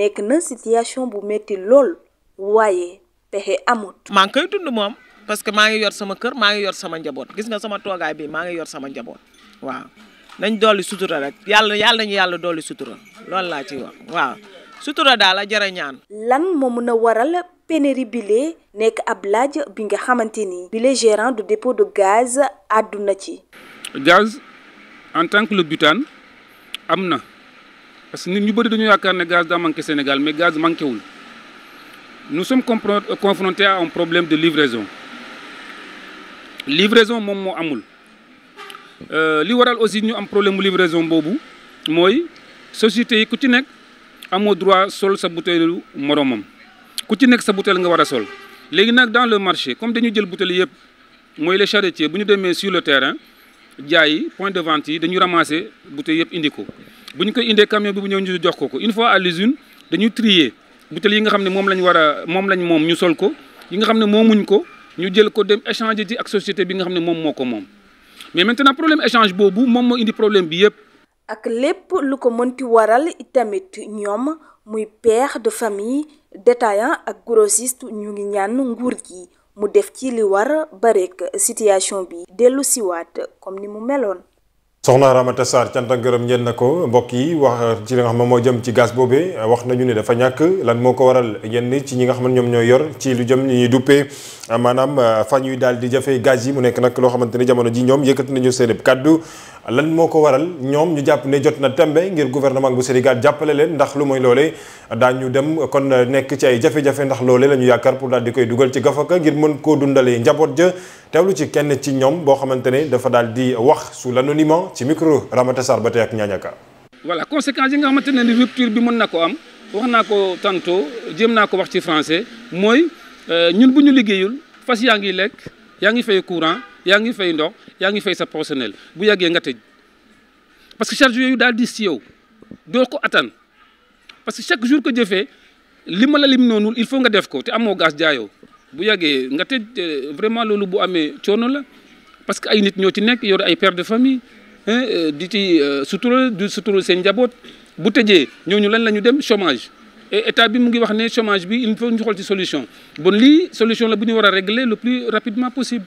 nekk na situation bu métti lool waaye pexe amut. maa ngi koy dund moom parce que maa ngi yor sama kër maa ngi yor sama njaboot gis nga sama toogaay bi maa ngi yor sama njaboot waaw nañ dolli sutura rek yàlla yàlla nañu yàlla dolli sutura loolu laa ci wax waaw sutura daal la jërë ñaan. lan moo mën a waral pénurie bile nekk ab laaj bi nga xamante ni. bile gérant du dépôt de gaz àdduna ci. gaz en tant que le am na. parce que nit ñu bëri dañu yaakaar ne gaz daa manqué Sénégal mais gaz manqué wul nous sommes confrontés à problème de livraison livraison moom moo amul euh, li waral aussi ñu am problème mu livraison boobu mooy société yi ku ci nekk amoo droit sol sa butéelu moromam ku ci nekk sa butéel nga war a sol léegi nag dans le marché comme dañu jël butéel yëpp mooy les charretiers bu ñu demee sur le terrain jaay point de vente yi dañu ramasser butéel yëpp indi ko bu ñu koy indee camion bi bu ñëw ñu jox ko ko une fois à l'usine dañuy trier butéel yi nga xam ne moom lañ war a moom lañ moom ñu sol ko yi nga xam ne moomuñ ko ñu jël ko dem échanger ci ak société bi nga xam ne moom moo ko moom mais maintenant problème échange boobu moom moo indi problème bi yépp. ak lépp lu ko mënti waral tamit ñoom muy père de famille détaillant ak grossiste ñu ngi ñaan nguur gi mu def ci li war ba rek situation bi dellu siwaat comme ni mu meloon. soxna Ramata Sarr cant ak gërëm ñeen na ko mbokk yi wax ci li nga xam moo jëm ci gaz boobee wax nañu ne dafa ñàkk lan moo ko waral yenn ci ñi nga xam ne ñoom ñooy yor ci lu jëm ñuy duppee maanaam fa ñuy daal di jafe gaz yi mu nekk nag loo xamante ne jamono ji ñoom yëkkati nañu seen kàddu lan moo ko waral ñoom ñu jàpp ne jot na tembe ngir gouvernement bu Sénégal jàppale leen ndax lu mooy loolee daañu dem kon nekk ci ay jafe-jafe ndax loole la ñu yaakaar pour daal di koy dugal ci gafaka ngir mën koo dundalee njaboot ja teewlu ci kenn ci ñoom boo xamante ne dafa daal di wax sous l'anonymat ci micro Ramata Sarr ba tey ak ñaañaka voilà conséquences yi nga xamante ne ni rupture bi mën na ko am wax naa ko tantôt jéem naa ko wax ci français mooy euh, ñun bu ñu liggéeyul fas yaa ngi lekk yaa ngi fay courant yaa ngi fay ndox yaa ngi fay sa personnel bu yàggee nga tëj parce que charge yooyu daal diis ci yow doo ko attan parce que chaque jour que jëfee li ma la lim noonu il faut nga def ko te amoo gaz jaayoo bu yàggee nga tëj vraiment loolu bu amee coono la parce que ay nit ñoo ci nekk yor ay père de famille euh, di ci sutura du sutura seen njaboot bu tëjee ñooñu lan la ñu dem chômage et état bi mu ngi wax ne chômage bi il faut ñu xool ci solution bon lii solution la bu ñu war a régler le plus rapidement possible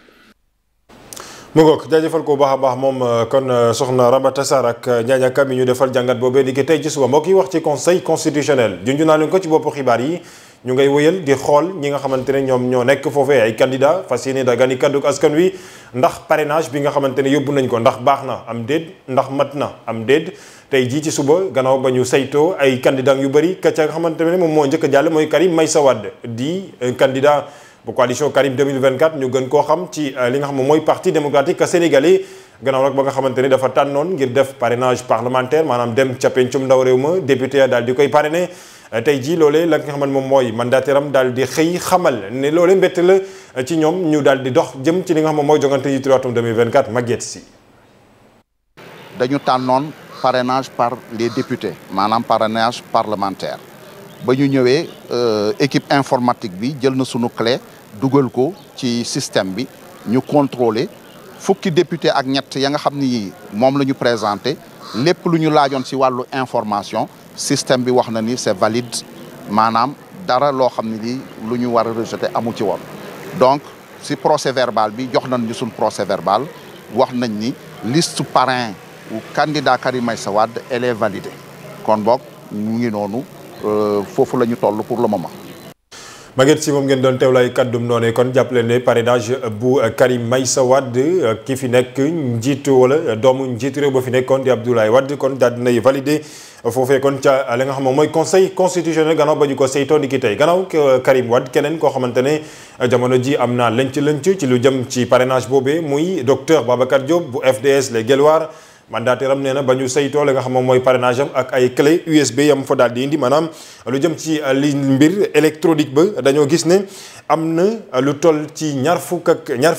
mu ngoog jaajëfal ko bu baax a baax moom euh, kon euh, soxna Ramata Sarr ak euh, Ndiagne Kam yi ñu defal jàngat boobee ni ki tey ci suba mboo ki wax ci conseil constitutionnel junju naa leen ko ci boppu xibaar yi ñu ngay wëyal di xool ñi nga xamante ne ñoom ñoo nekk foofee ay candidat fas yéene da gani kaddu askan wi ndax parrainage bi nga xamante ne yóbbu nañ ko ndax baax na am déet ndax mat na am déet tey jii ci suba gannaaw ba ñu saytoo ay candidat yu bëri ka ca nga xamante ne moom moo njëkk a jàll mooy Karim Meïssa Wade di candidat bu coalition Karim 2024 ñu gën koo xam ci euh, li nga xam mooy parti a sénégalais gannaaw nag ba nga xamante ni dafa tànnoon ngir def parrainage parlementaire maanaam dem ca pencum ndaw réew ma député ya daal di koy parrainé euh, tey jii loolee la nga xam moom mooy mandataire am daal di xëy xamal ne loolee mbett la euh, ci ñoom ñu daal di dox jëm ci li nga xam moom mooy jongante yi tuwaatum 2024 Maguette Sy dañu tànnoon parrainage par les députés maanaam parrainage parlementaire ba ñu ñëwee équipe informatique bi jël na sunu clé dugal ko ci système bi ñu contrôler fukki député ak ñett ya nga xam ni moom la ñu présenté lépp lu ñu laajoon si wàllu information système bi wax na ni c'est valide maanaam dara loo xam ne lii lu ñu war a rejeté amu ci woon donc si procès verbal bi jox nañ ñu suñ procès verbal wax nañ ni liste parrain ou candidat Karim Meïssa Wade elle est validée kon boog mu ngi noonu euh, foofu la ñu toll pour le moment Maguette si moom ngeen doon teewlay kàddum noonee kon jàppale ne parrainage bu Karim Meïssa Wade ki fi nekk njiitu wala doomu njiitu réew ba fi nekkoon di Abdoulaye wadd kon daal dinay validé foofee kon ca li nga xam moom mooy conseil constitutionnel gannaaw ba ñu ko saytoo ni ki tey gannaaw Karim Wade keneen koo xamante ne jamono ji am naa lënc lënc ci lu jëm ci parrainage boobee muy docteur Babacar Diop bu FDS les Guelwaar mandataire am nee na ba ñu saytoo la nga xam moom mooy parrainage am ak ay clé USB yam fa daal di indi maanaam lu jëm ci euh, lii mbir électronique ba dañoo gis ne am na lu toll ci ñaar fukk ak ñaar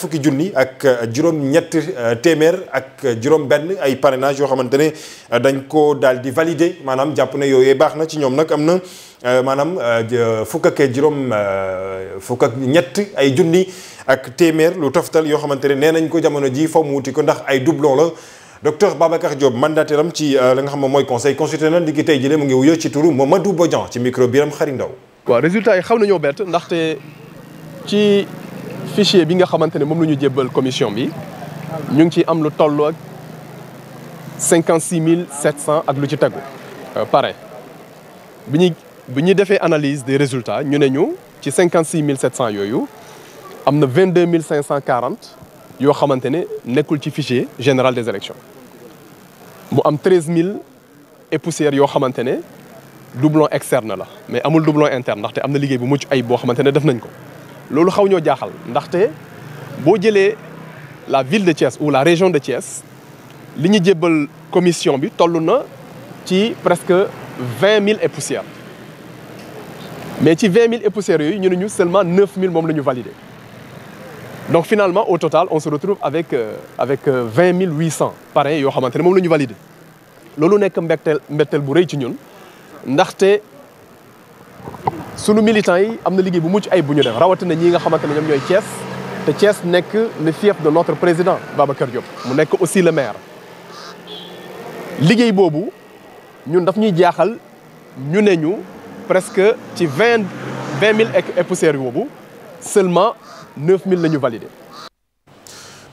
ak juróom euh, téeméer ak juróom ay parrainage yoo xamante ne euh, dañ ko daal di valider maanaam jàpp ne yooyee baax na ci ñoom nag am na maanaam fukk ak juróom fukk ak ñett ay junni ak téeméer lu toftal yoo xamante ne nee nañ ko jamono ji faw mu wuti ko ndax ay doublon la. docteur Babacar Diop mandataire am ci euh, li nga xam ne mooy conseil constitutionnel di ki tey jëlee mu ngi wuyoo ci turu Mamadou Bodian ci micro biram xari ndaw waaw résultat yi xaw nañoo bett ndaxte ci fichier bi nga xamante ne moom la ñu jébbal commission bi ñu ngi ci am lu toll ak cinquante six mille sept cent ak lu ci tegu euh, pare bi ñu bi ñu defee analyse des résultat ñu ne ñu ci cinquante six mille sept cent yooyu am na vingt deux mille cinq cent quarante yoo xamante ne nekkul ci fichier général des élections mu am treize mille et poussière yoo xamante ne doublon externe la mais amul doublon interne ndaxte am na liggéey bu mucc ay boo xamante ne def nañ ko loolu xaw ñoo jaaxal ndaxte boo jëlee la ville de Thiès ou la région de Thiès li ñu jébbal commission bi toll na ci presque vingt mille et poussière mais ci vingt mille et poussière yooyu ñu ne ñu seulement moom la ñu validé donc finalement au total on se retrouve avec euh, avec euh, vingt mille huit cent parrains yoo xamante ne moom la ñu validé loolu nekk mbetteel mbetteel bu rëy ci ñun ndaxte sunu militants yi am na liggéey bu mucc ay bu ñu def rawatina ñi nga xamante ne ñoom ñooy cees te Thiès nekk le fief de notre président Babacar Diop mu nekk aussi le maire liggéey boobu ñun daf ñuy jaaxal ñu ne ñu presque ci vingt vingt mille et poussières boobu seulement 9000 la ñu validé.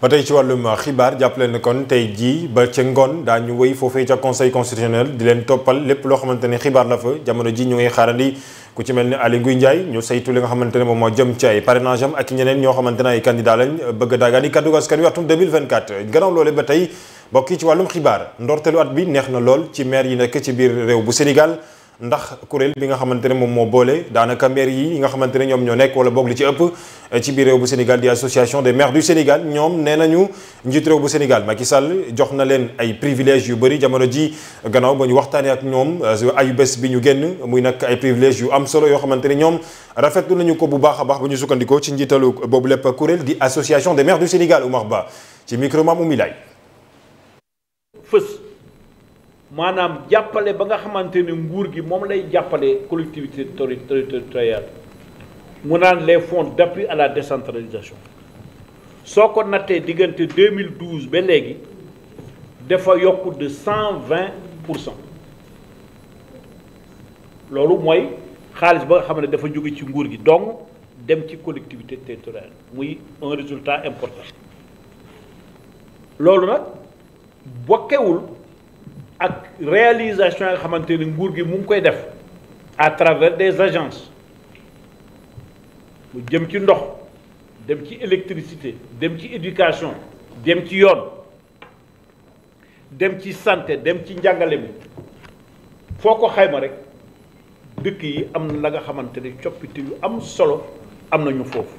ba tey ci wàllum xibaar jàppale ne kon tey jii ba ca ngoon daañu wéy foofee ca conseil constitutionnel di leen toppal lépp loo xamante ne xibaar la fa jamono ji ñu ngay xaarandi ku ci mel ni Aly Ngouille Ndiaye ñu saytu li nga xamante ne moom moo jëm ci ay parrainage am ak ñeneen ñoo xamante ne ay candidat lañ bëgg a daagaani kaddu askan wi atum 2024 gannaaw loole ba tey bokk ci wàllum xibaar ndorteelu at bi neex na lool ci maire yi nekk ci biir réew bu Sénégal ndax kuréel bi nga xamante ne moom moo boole daanaka maire yi nga xamante ne ñoom ñoo nekk wala boog ci ëpp eh, ci biir réew bu Sénégal di association des maires du Sénégal ñoom nee nañu njiit réew bu Sénégal Macky Sall jox na leen ay privilèges yu bëri jamono ji gannaaw ba ñu waxtaanee ak ñoom eh, ayu bés bi ñu génn muy nag ay privilèges yu am solo yoo xamante ne ñoom rafetlu nañu ko bu baax a baax bu ñu sukkandikoo ci njiitalu boobu lépp kuréel di association des maires du Sénégal Oumar Ba ci micro Mamou Milay fës maanaam jàppale ba nga xamante ne nguur gi moom lay jàppale collectivité territoriale mu naan les fonds d'appui à la décentralisation soo ko nattee diggante 2012 ba léegi dafa yokk de cent 120 pour cent loolu mooy xaalis ba nga xam ne dafa jóge ci nguur gi dong dem ci collectivité territoriale muy un résultat important loolu nag bokkewul ak réalisation yi nga xamante ni nguur gi mu ngi koy def à travers des agences mu jëm ci ndox dem ci électricité dem ci éducation dem ci yoon dem ci santé dem ci njàngale mi foo ko xayma rek dëkk yi am na la nga xamante ni coppite yu am solo am nañu foofu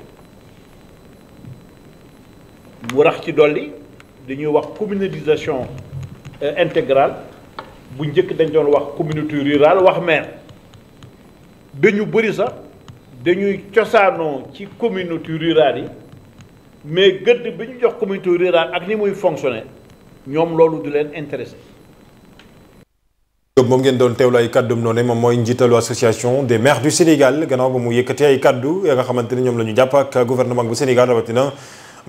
mu rax ci dolli dañuy wax communalisation euh, intégrale bu njëkk dañ doon wax communauté rurale wax maire dañu bëri sax dañuy cosaanoo ci communauté rural yi mais gëdd bi ñu jox communauté rural ak ni muy fonctionner ñoom loolu du leen intéressé. moom ngeen doon teewlu ay kàddum noonu moom mooy njiitalu association des maires du Sénégal gannaaw mu yëkkati ay kàddu ya nga xamante ne ñoom la ñu jàpp ak gouvernement bu Sénégal rawatina.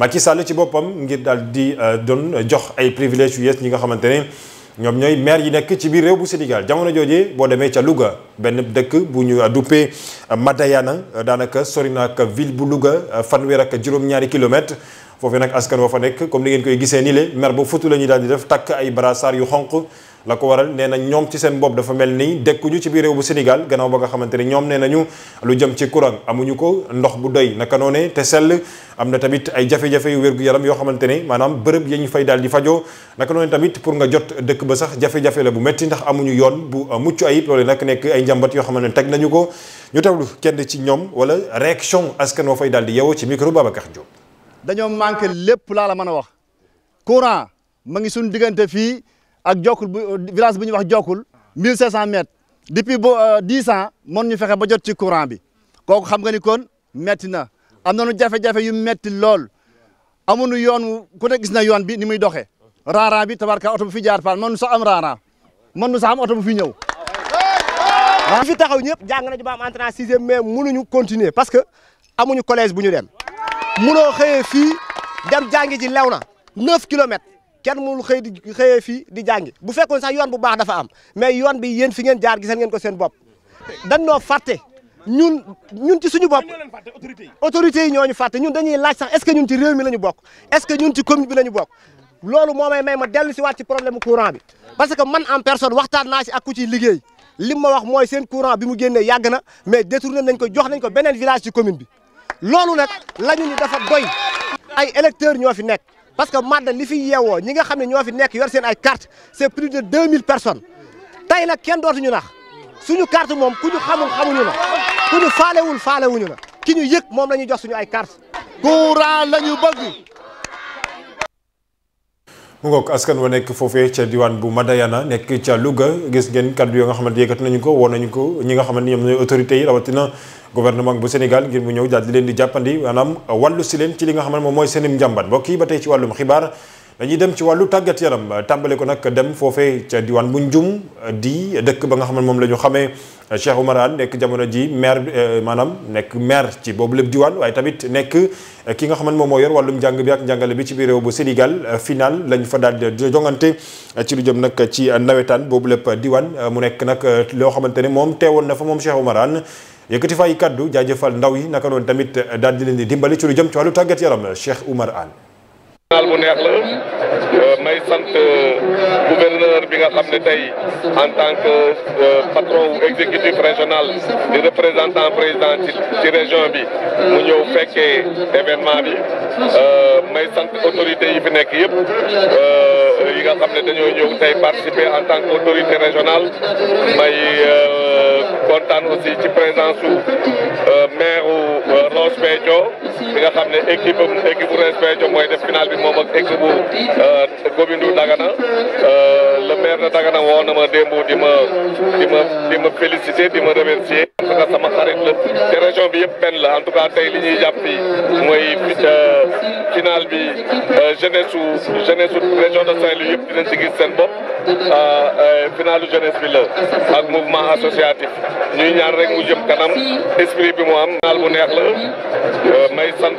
ci Sall ci boppam ngir daal di euh, doon jox ay privilèges yu yees ñi nga xamante ne. ñoom ñooy maire yi nekk ci biir réew bu Sénégal jamono jooje boo demee ca Louga benn dëkk bu ñu duppee Madayana daanaka sori na ak ville bu Louga fanweer ak juróom-ñaari kilomètres foofu nag askan woo fa nekk comme ni ngeen koy gisee nii le maire ba futu la ñuy daal di def takk ay brassard yu xonq la ko waral nee na ñoom ci seen bopp dafa mel ni dekkuñu ci biir réew bu Sénégal gannaaw ba nga xamante ñoom nee nañu lu jëm ci courant amuñu ko ndox bu doy naka noone te sell am na tamit ay jafe-jafe yu wér-gu-yaram yoo xamante ne maanaam bërëb ya ñu fay daal di fajoo naka noone tamit pour nga jot dëkk ba sax jafe-jafe la bu métti ndax amuñu yoon bu uh, mucc ayib loolu nag nekk ay njàmbat yoo xamante ne teg nañu ko ñu tawlu kenn ci ñoom wala réaction askan woo fay daal di yeewoo ci micro Babacar Diop dañoo manqué lépp laa la mën a wax courant ma ngi suñu diggante ak jokkul bu village bu ñuy wax jokkul 1500 mètres depuis ba 10 euh, ans mën ñu fexe ba jot ci courant bi kooku xam nga ni kon metti na am nañu jafe-jafe yu metti lool amuñu yoon ku ne gis na yoon bi ni muy doxee raaraan bi tabarka oto bu fi jaar paan mënuñu sax am raaraan mënuñu sax am oto bu fi ñëw. ñi fi taxaw ñëpp jàng nañu ba am entrée en sixième mais mënuñu continuer parce que amuñu collège bu ñu dem mënoo xëyee fii dem jàngi ji lew na 9 kilomètres. kenn mënul xëy xëyee fii di jàngi bu fekkoon sax yoon bu baax dafa am mais yoon bi yéen fi ngeen jaar gisal ngeen ko seen bopp dañ noo fàtte ñun ñun ci suñu bopp autorités yi ñoo ñu fàtte ñun dañuy laaj sax est-ce que ñun ci réew mi la ñu bokk est-ce que ñun ci commune bi la ñu bokk loolu moo may may ma dellu si waat ci problème courant bi parce que man en personne waxtaan naa si ak ku ciy liggéey li ma wax mooy seen courant bi mu génne yàgg na mais détourné nañ ko jox nañ ko beneen village ci loolu nag la ñu ni dafa doy ay électeurs ñoo fi nekk parce que Madda li fi yeewoo ñi nga xam ne ñoo fi nekk yor seen ay carte c'est plus de 2000 personnes tey na kenn dootuñu nax suñu carte moom ku ñu xamul xamuñu la ku ñu faalewul faalewuñu la ki ñu yëg moom la ñu jox suñu ay carte courant la ñu bëgg mu ngoog askan wa nekk foofee ca diwaan bu Madayana nekk ca Louga gis ngeen kàddu yoo nga xamante yëkkati nañu ko woon nañu ko ñi nga xamante ñoom ñooy autorités yi rawatina gouvernement bu Sénégal ngir mu ñëw daal di leen di jàppandi maanaam wàllu si leen ci li nga xam moom mooy seenim njàmbat mbokk yi ba tey ci wàllum xibaar dañuy dem ci wàllu tàggat yaram tàmbali ko nag dem foofee ca diwaan bu njum di dëkk ba nga xam moom la ñu xamee Cheikh Oumar Anne nekk jamono ji maire euh, maanaam nekk maire ci boobu lépp diwaan waaye tamit nekk ki nga xam ne moom moo yor wàllum njàng bi ak njàngale bi ci biir réew bu Sénégal final lañ fa daal di jongante ci lu jëm nag ci nawetaan boobu lépp diwaan mu nekk nag euh, loo xamante ne moom teewoon na fa moom Cheikh Oumar Anne yëkkati fa ay kaddu jaajëfal ndaw yi naka noonu tamit daal di leen di dimbali ci lu jëm ci wàllu tàggat yaram Cheikh Oumar Anne naal bu neex la euh, may sant euh, gouverneur bi nga xam ne tey en tank que euh, patron exécutif régional di représentant président ci région bi mu ñëw fekkee événement bi may sant autorité yi fi nekk yëpp nga xam ne dañoo ñëw tey participer en tant qu'autorité régionale may euh, kontaan aussi ci présence su euh, maire euh, Ross Béthio nga xam ne équipe équipe bu Ross Béthio mooy def final bi moom ak équipe bu commune Dagana le maire de Dagana woo na ma démb di ma di ma di ma féliciter di ma remercier sama xarit la te région bi yëpp benn la en tout cas tey li ñuy jàpp fii mooy euh, final bi euh, jeunesse su jeunesse su région de Saint-Louis yëpp dinañ ci gis seen bopp. Euh, euh, finalu jeunesse bi la ak mouvement associatif ñuy ñaan rek mu jëm kanam esprit bi mu am naal bu neex la euh, may sant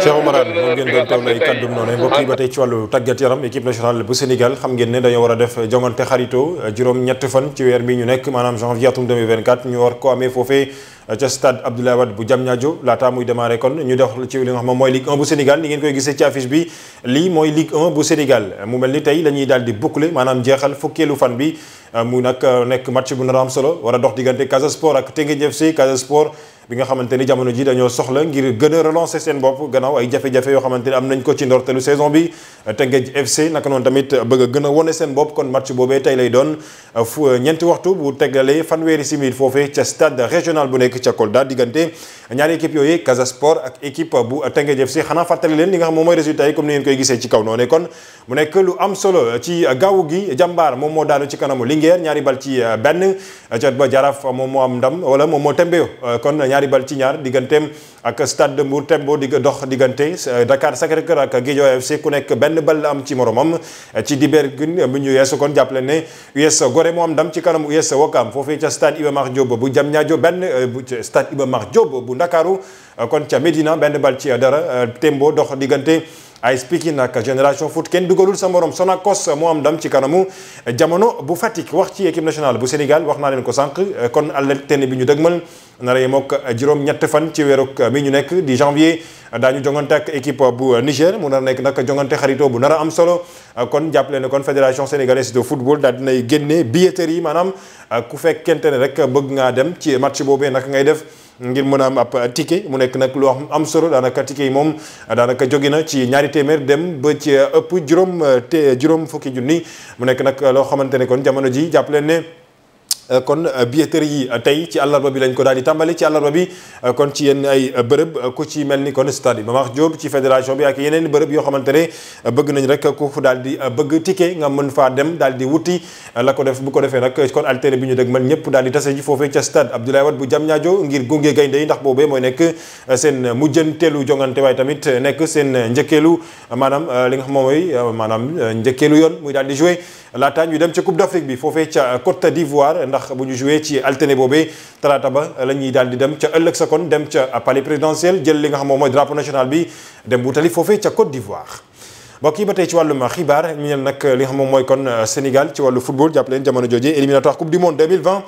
Cheikh Oumar moom ngeen doon teewlu ay kàddu noonu mbokk ba tey ci wàllu tàggat yaram équipe nationale bu Sénégal xam ngeen ne dañoo war a def jongante xarito juróom ñett fan ci weer bi ñu nekk maanaam de atum 2024 ñu war ko amee foofee ca stade Abdoulaye Wade bu Diamniadio laata muy démarré kon ñu dox ci li nga xam moom mooy Ligue 1 bu Sénégal ni ngeen koy gisee ci bi lii mooy Ligue 1 bu Sénégal mu mel ni tey la ñuy daal di boucler maanaam jeexal fukkeelu fan bi mu nag nekk match bu nar a am solo war a dox diggante Casa Sport ak Teungueth FC Casa Sport bi nga xamante ni jamono ji dañoo soxla ngir gën a relancer seen bopp gannaaw ay jafe-jafe yoo xamante ni am nañ ko ci ndorteelu saison bi Teungueth FC naka noonu tamit bëgg a gën a wone seen bopp kon match boobee tey lay doon fu ñeenti waxtu bu teggalee fanweeri simil bu nekk ca Kolda diggante xanaa fàttali leen li nga xam moom mooy résultat yi comme ni ngeen mu nekk lu am solo ci gaawu gi jàmbaar moom moo daanu ci kanamu Linguère ñaari bal ci benn ca a Jaraaf moom moo am ndam wala moom moo tembe kon ñaari bal ci ñaar digganteem ak Stade de Mbour Tembo dox diggante euh, Dakar Sacré-Cœur ak Guédiawaye FC ku nekk benn bal am ci moromam euh, ci dibéer gi euh, bu ñu yeesu kon jàppale ne US Gorée moo am ndam ci kanam US Ouakam foofee ca Stade Iba Mar Diop bu Diamniadio benn Stade Iba Mar Diop bu Ndakaaru kon ca Médina benn bal ci dara Tembo dox diggante AS Pikine ak génération foot kenn dugalul sa morom Sonacos moo am ndam ci kanamu jamono bu Fatick wax ci équipe nationale bu Sénégal wax naa leen ko sànq kon àll tenn bi ñu dëgmal nara yem ak juróom ñett fan ci weeru eh, mi ñu nekk di janvier ñu jongante ak équipe bu Niger mu nar nekk nag jongante xaritoo bu nar a am solo kon jàppale ne kon fédération sénégalaise de football daal dinay génne billetterie yi maanaam eh, ku fekkente ne rek bëgg ngaa dem ci match boobee naka ngay ngir mën a am ab ticket mu nekk nag loo xam am solo daanaka ticket yi moom daanaka jóge na ci ñaari téeméer dem ba ci ëpp juróom te juróom fukki junni mu nekk nag loo xamante ne kon jamono ji jàpp leen ne Euh, kon euh, billetterie yi euh, tey ci àllarba bi lañ ko daal di tàmbali ci àllarba bi kon ci yenn ay bërëb ku ci mel ni kon stade bi Mame Makhtar Diop ci fédération bi ak yeneen bërëb yoo xamante ne bëgg nañ rek ku fu daal di bëgg ticket nga mën faa dem daal di wuti la ko def bu ko defee nag kon altéré bi ñu dëg man ñëpp daal di tase ji foofee ca stade Abdoulaye Wade bu Diamniadio ngir gunge gaynde yi ndax boobee mooy nekk seen mujjanteelu jongante waaye tamit nekk seen njëkkeelu maanaam li nga xam maanaam njëkkeelu yoon muy daal di laata ñu dem ca Coupe d'Afrique bi foofee ca Côte d'Ivoire ndax bu ñu joué ci altine boobee talaata ba la ñuy daal di dem ca ëllëg sa kon dem ca palais présidentiel jël li nga xam moom mooy drapeau national bi dem wutali foofee ca Côte d'Ivoire. mbokk yi ba tey ci wàllum xibaar ñu neen nag li nga xam moom mooy kon euh, Sénégal ci wàllu football jàpp jamono jooje éliminatoire coupe du monde 2020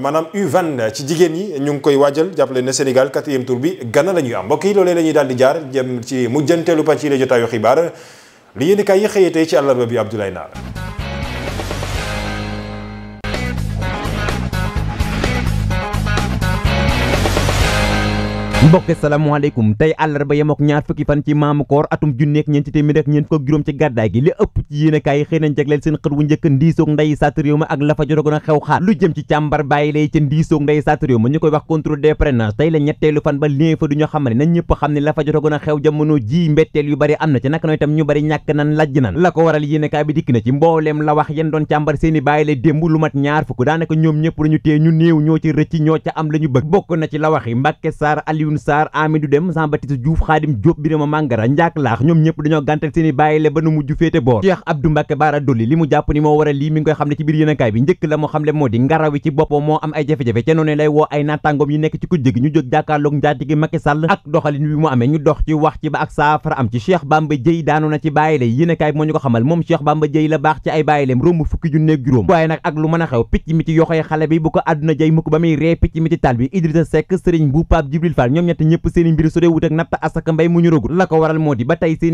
maanaam U20 ci jigéen yi ñu ngi koy waajal jàpp ne Sénégal quatrième tour bi Gana la mbokk yi loolee la ñuy daal di jaar jëm ci mujjanteelu pàcc yi la jotaayu xibaar li yéen yi xëyee tey ci àllarba bi Abdoulaye Naar mbokk salaamaaleykum tey àllarba yem ak ñaar fukki fan ci maamu koor atum junneek ñeenti téeméer ak ñeent fukk juróom ci gàddaay gi li ëpp ci yi xëy nañ seen xët wu njëkk ndiisoog nday saat ma ak la fa jotogoon a xew xaat lu jëm ci càmbar bàyyi lay ca ndiisoog nday saat ma ñu koy wax contrôle des parrainages tey la ñetteelu fan ba lien fa du ñu xam ne nañ ñëpp xam ne la fa jotogoon a xew jamono ji mbetteel yu bari am na ci naka noonu ñu bari ñàkk nan lajj nan la ko waral yéenekaay bi dikk na ci mbooleem la wax yéen doon ñoom ñëpp dañu tee ñu néew ñoo ci rëcc ñoo ca am la ñu bëgg Alioune Sarr Amidou Deme Jean Baptiste Diouf li mu jàpp ni moo waral lii mi ngi koy ci biir yéenekaay bi njëkk la moo xam moo di ngaraw ci boppam moo am ay jafe-jafe ca lay woo ay nattàngoom yi nekk ci ku jëg ñu jóg jàkkaarloog njaati gi Macky ak doxalin bi mu amee ñu dox ci wax ci ba ak saafara am ci Cheikh Bamba Dièye daanu na ci bàyyile yéenekaay bi moo ñu ko xamal moom Cheikh Bamba Dièye la baax ci ay bàyyileem romb fukki junne ak juróom a ñoom ko waral moo di ba tamit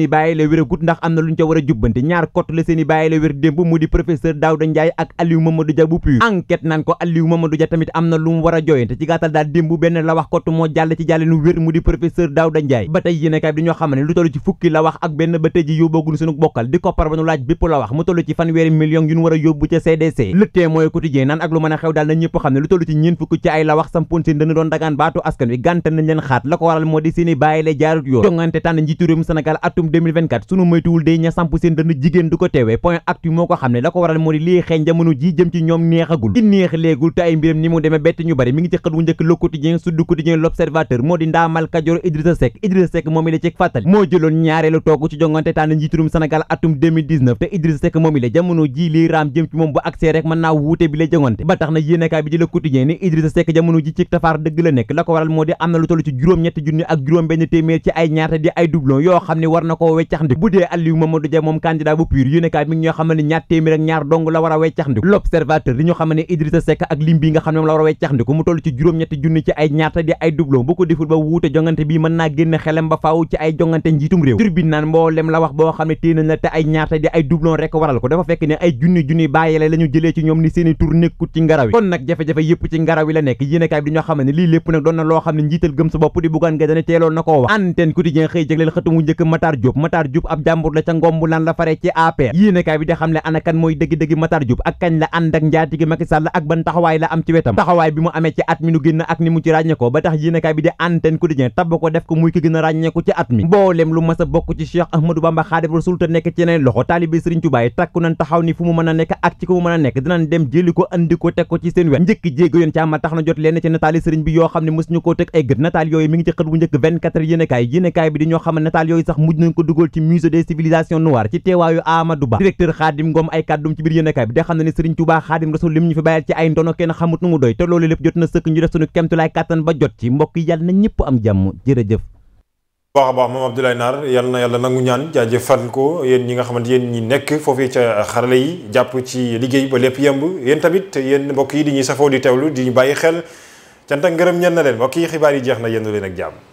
am na lu war a jooyante ci gàttal daal démb benn la kott moo jàll ci jàlle wér mu di professeur Daouda Ndiaye ba tey yéene kaay bi dañoo xam ne lu toll ci fukki la ak benn ba tey ji yóbboogul bokkal di koppar ba nu laaj bépp la mu toll ci fanweeri million yu war a yóbbu ca CDC le témoin quotidien naan ak lu mën a xew daal na ñëpp xam ne lu toll ci ñeen fukki ci ay la wax sampoon doon leen la ko waral moo di seeni bàyyi jaarut yoon jongante tànn njiitu réewum atum sunu moytuwul day ña samp seen dënd jigéen du ko teewee point actu moo ko xam ne la ko waral moo di lii xeeñ jamono ji jëm ci ñoom neexagul ci léegul te ay mbiram ni mu demee bett ñu bari mi ngi ci xët wu njëkk le quotidien sud quotidien moo di ndaamal kajoor Idrissa Seck Idrissa Seck moom la ci fàttali moo jëloon ñaareelu toog ci jongante tànn njiitu ci juróom-ñetti junni ak juróom benn téeméer ci ay ñaata di ay doublon yoo xam ne war na koo weccaxndi bu dee Aliou Mamadou moom candidat bu pur yéenekaay mi ñoo ñaar téeméer ak ñaar dong a weccaxndi l'observateur di ñu xamal ne Idrissa Seck ak lim bi nga xam ne moom la war a weccaxndi ko mu toll ci juróom-ñetti ay ñaata di ay doublon bu ko deful la wax boo xam ne téye nañ la te ay ñaata di ay doublon waral ko dafa fekk ne ay junni junni bàyyile la ñu jëlee ci ñoom ni seeni tur nekkut ci ngaraw yi kon nag jafe-jafe yëpp ci ngaraw yi la nekk yéenekaay bi di ñoo ne lii lépp nag doon na loo xam ne njiital gëm su bopp di Bougane Gueye Dany teeloon na koo wax antenne quotidien xëy jagleel xëtu njëkk Matar Diop Matar Diop ab jàmbur la ca ngombu lan la fare ci APR yéenekaay bi di xam ne mooy dëgg-dëgg Matar Diop ak kañ la ànd ak njaatigi Macky Sall ak ban taxawaay la am ci wetam taxawaay bi mu amee ci at mi nu génn ak ni mu ci ràññe ba tax yéenekaay bi di antenne quotidien tabb ko def ko muy ki gën a ràññeeku ci at mi mboolem lu mas a bokk ci Cheikh Ahmadou Bamba Xaadimu Rasuul te nekk ci a a nekk dinañ dem jëli ko andi na nataal yooyu mi ngi ci xët bu njëkk 24 yéenekaay yéenekaay bi di ñoo xam nataal yooyu sax mujj nañ ko dugal ci musée des civilisations noires ci teewaayu Amadou Ba directeur Khadim Ngom ay kàddum ci biir yéenekaay bi de xam ne ne Serigne Touba Khadim Rasoul lim ñu fi bàyyal ci ay ndono kenn xamut mu doy te loolu lépp jot na sëkk a def suñu kemtulaay kàttan ba jot ci mbokk yàlla na ñëpp am jàmm jërëjëf a baax moom Abdoulaye Naar yal na yàlla nangu ñaan jaajëfal ko yéen ñi nga xamante yéen yi jàpp ci ba lépp yemb yéen tamit cant ngërëm ñen na leen mbokk yi xibaar yi jeex na yendu leen ak jàmm